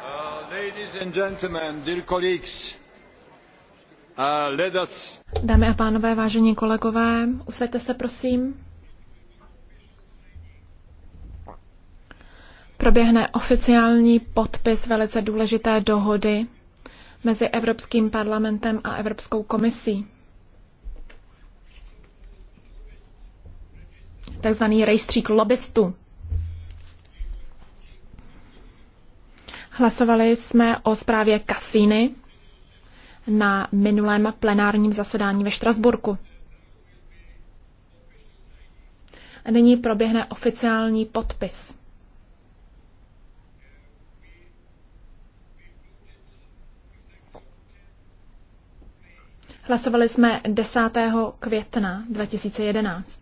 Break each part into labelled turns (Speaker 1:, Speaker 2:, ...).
Speaker 1: Uh, uh, Dámy a pánové, vážení kolegové, usaďte se prosím. Proběhne oficiální podpis velice důležité dohody mezi Evropským parlamentem a Evropskou komisí. Takzvaný rejstřík lobbystů. Hlasovali jsme o zprávě Kasíny na minulém plenárním zasedání ve Štrasburku. Nyní proběhne oficiální podpis. Hlasovali jsme 10. května 2011.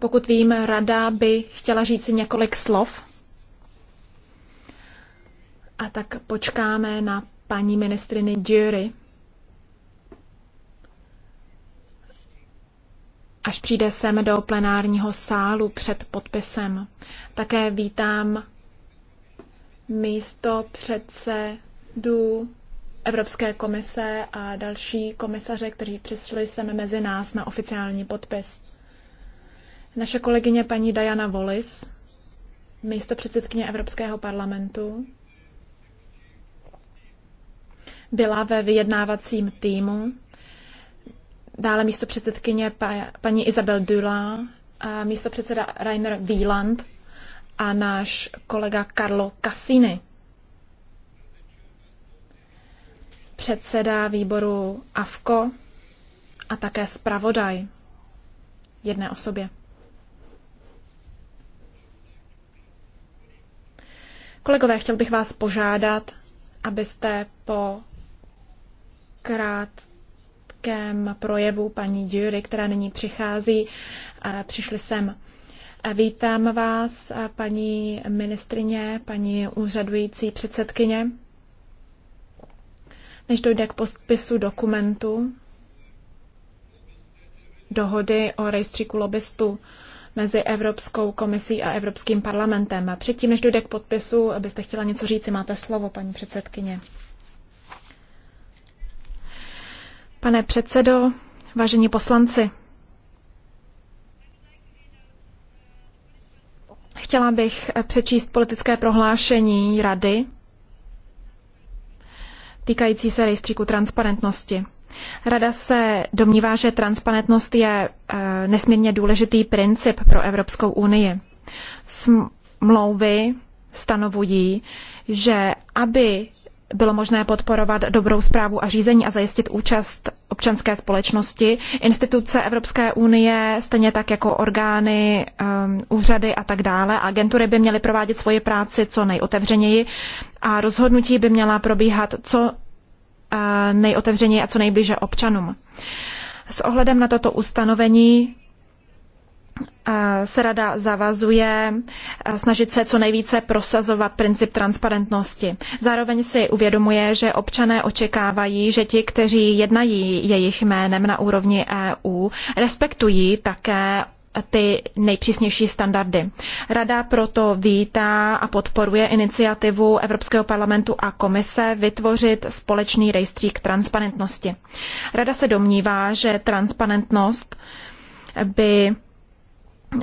Speaker 1: Pokud vím, rada by chtěla říci několik slov. A tak počkáme na paní ministriny Jury. až přijde sem do plenárního sálu před podpisem. Také vítám místo předsedu Evropské komise a další komisaře, kteří přišli sem mezi nás na oficiální podpis. Naše kolegyně paní Diana Wallis, místo předsedkyně Evropského parlamentu, byla ve vyjednávacím týmu. Dále místo předsedkyně paní Isabel Dula, místo předseda Rainer Wieland a náš kolega Carlo Cassini. Předseda výboru AFKO a také zpravodaj jedné osobě. Kolegové, chtěl bych vás požádat, abyste po krátkém projevu paní Jury, která nyní přichází, eh, přišli sem. Eh, vítám vás, eh, paní ministrině, paní úřadující předsedkyně. Než dojde k podpisu dokumentu dohody o rejstříku lobbystů, mezi Evropskou komisí a Evropským parlamentem. Předtím, než dojde k podpisu, abyste chtěla něco říct, máte slovo, paní předsedkyně. Pane předsedo, vážení poslanci, chtěla bych přečíst politické prohlášení Rady týkající se rejstříku transparentnosti. Rada se domnívá, že transparentnost je eh, nesmírně důležitý princip pro Evropskou unii. Smlouvy stanovují, že aby bylo možné podporovat dobrou zprávu a řízení a zajistit účast občanské společnosti. Instituce Evropské unie, stejně tak jako orgány, um, úřady a tak dále, agentury by měly provádět svoji práci co nejotevřeněji a rozhodnutí by měla probíhat co nejotevřeněji a co nejblíže občanům. S ohledem na toto ustanovení se rada zavazuje snažit se co nejvíce prosazovat princip transparentnosti. Zároveň si uvědomuje, že občané očekávají, že ti, kteří jednají jejich jménem na úrovni EU, respektují také ty nejpřísnější standardy. Rada proto vítá a podporuje iniciativu Evropského parlamentu a komise vytvořit společný rejstřík transparentnosti. Rada se domnívá, že transparentnost by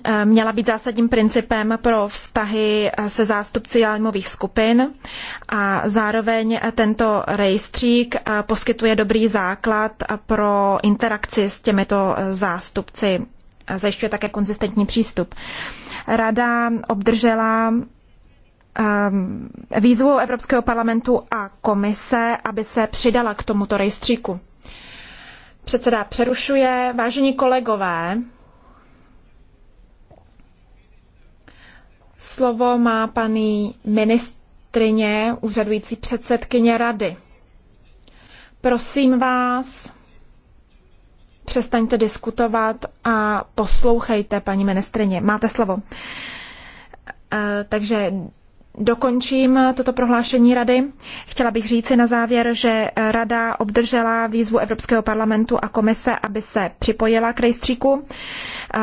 Speaker 1: eh, měla být zásadním principem pro vztahy se zástupci zájmových skupin a zároveň tento rejstřík eh, poskytuje dobrý základ pro interakci s těmito eh, zástupci zajišťuje také konzistentní přístup. Rada obdržela um, výzvu Evropského parlamentu a komise, aby se přidala k tomuto rejstříku. Předseda přerušuje. Vážení kolegové, slovo má paní ministrině, úřadující předsedkyně rady. Prosím vás, přestaňte diskutovat a poslouchejte, paní ministrině. Máte slovo. Eh, takže dokončím toto prohlášení rady. Chtěla bych říci na závěr, že rada obdržela výzvu Evropského parlamentu a komise, aby se připojila k rejstříku.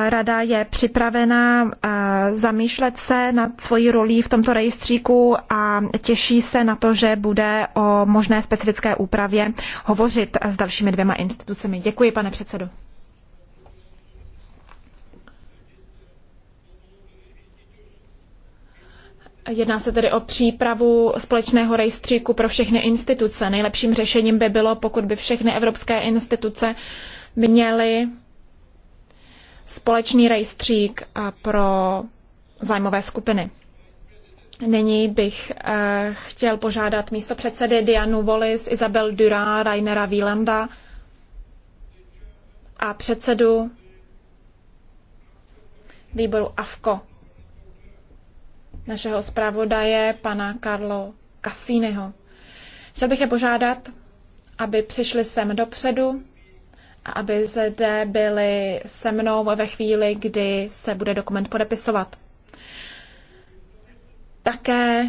Speaker 1: Rada je připravena eh, zamýšlet se nad svojí rolí v tomto rejstříku a těší se na to, že bude o možné specifické úpravě hovořit s dalšími dvěma institucemi. Děkuji, pane předsedo. Jedná se tedy o přípravu společného rejstříku pro všechny instituce. Nejlepším řešením by bylo, pokud by všechny evropské instituce měly společný rejstřík pro zájmové skupiny. Nyní bych eh, chtěl požádat místo předsedy Dianu Wallis, Isabel Durá, Rainera Wielanda a předsedu výboru AFKO našeho zpravodaje, pana Karlo Cassiniho. Chtěl bych je požádat, aby přišli sem dopředu a aby zde byli se mnou ve chvíli, kdy se bude dokument podepisovat. Také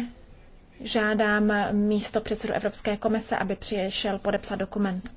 Speaker 1: žádám místo předsedu Evropské komise, aby přišel podepsat dokument.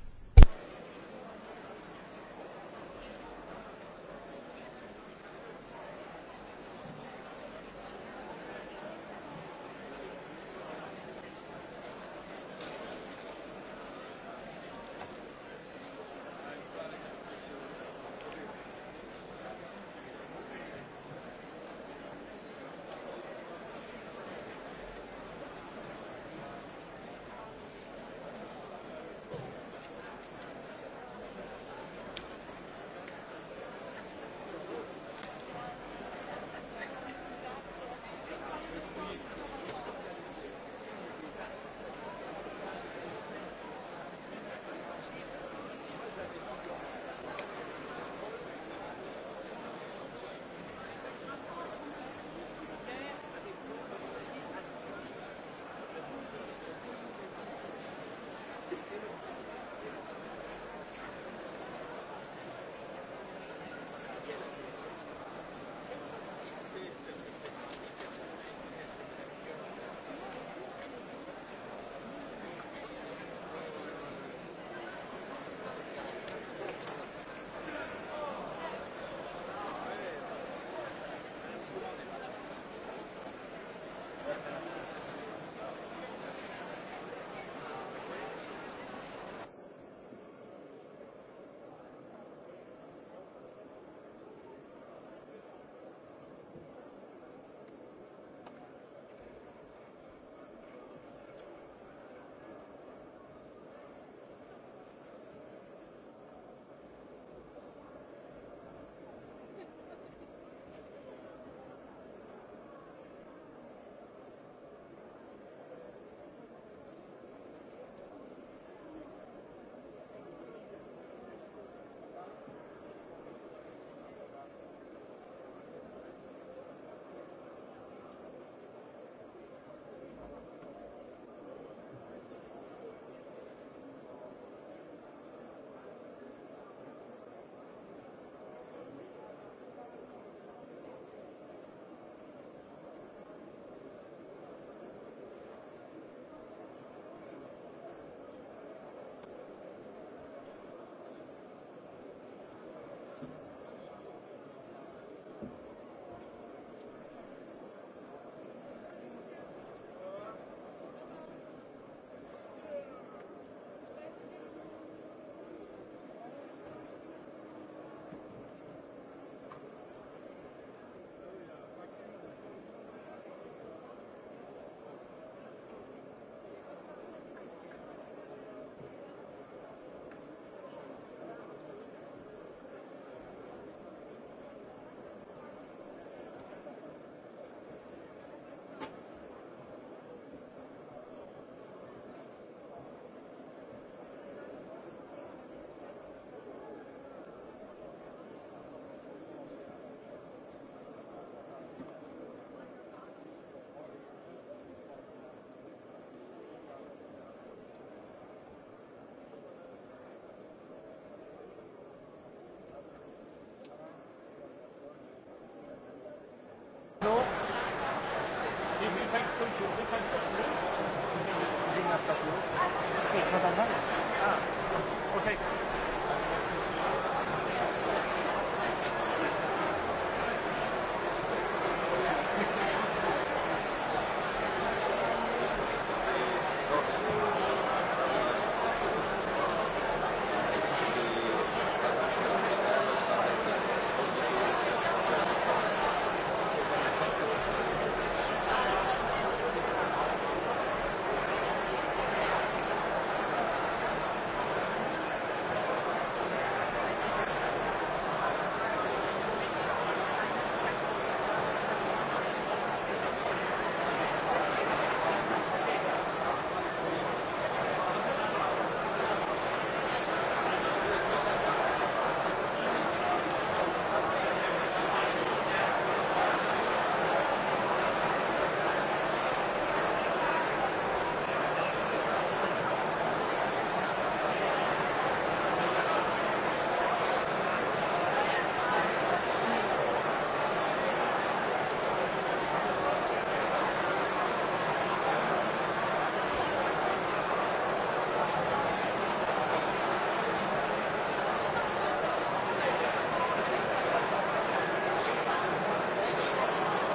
Speaker 1: Thank ah, you.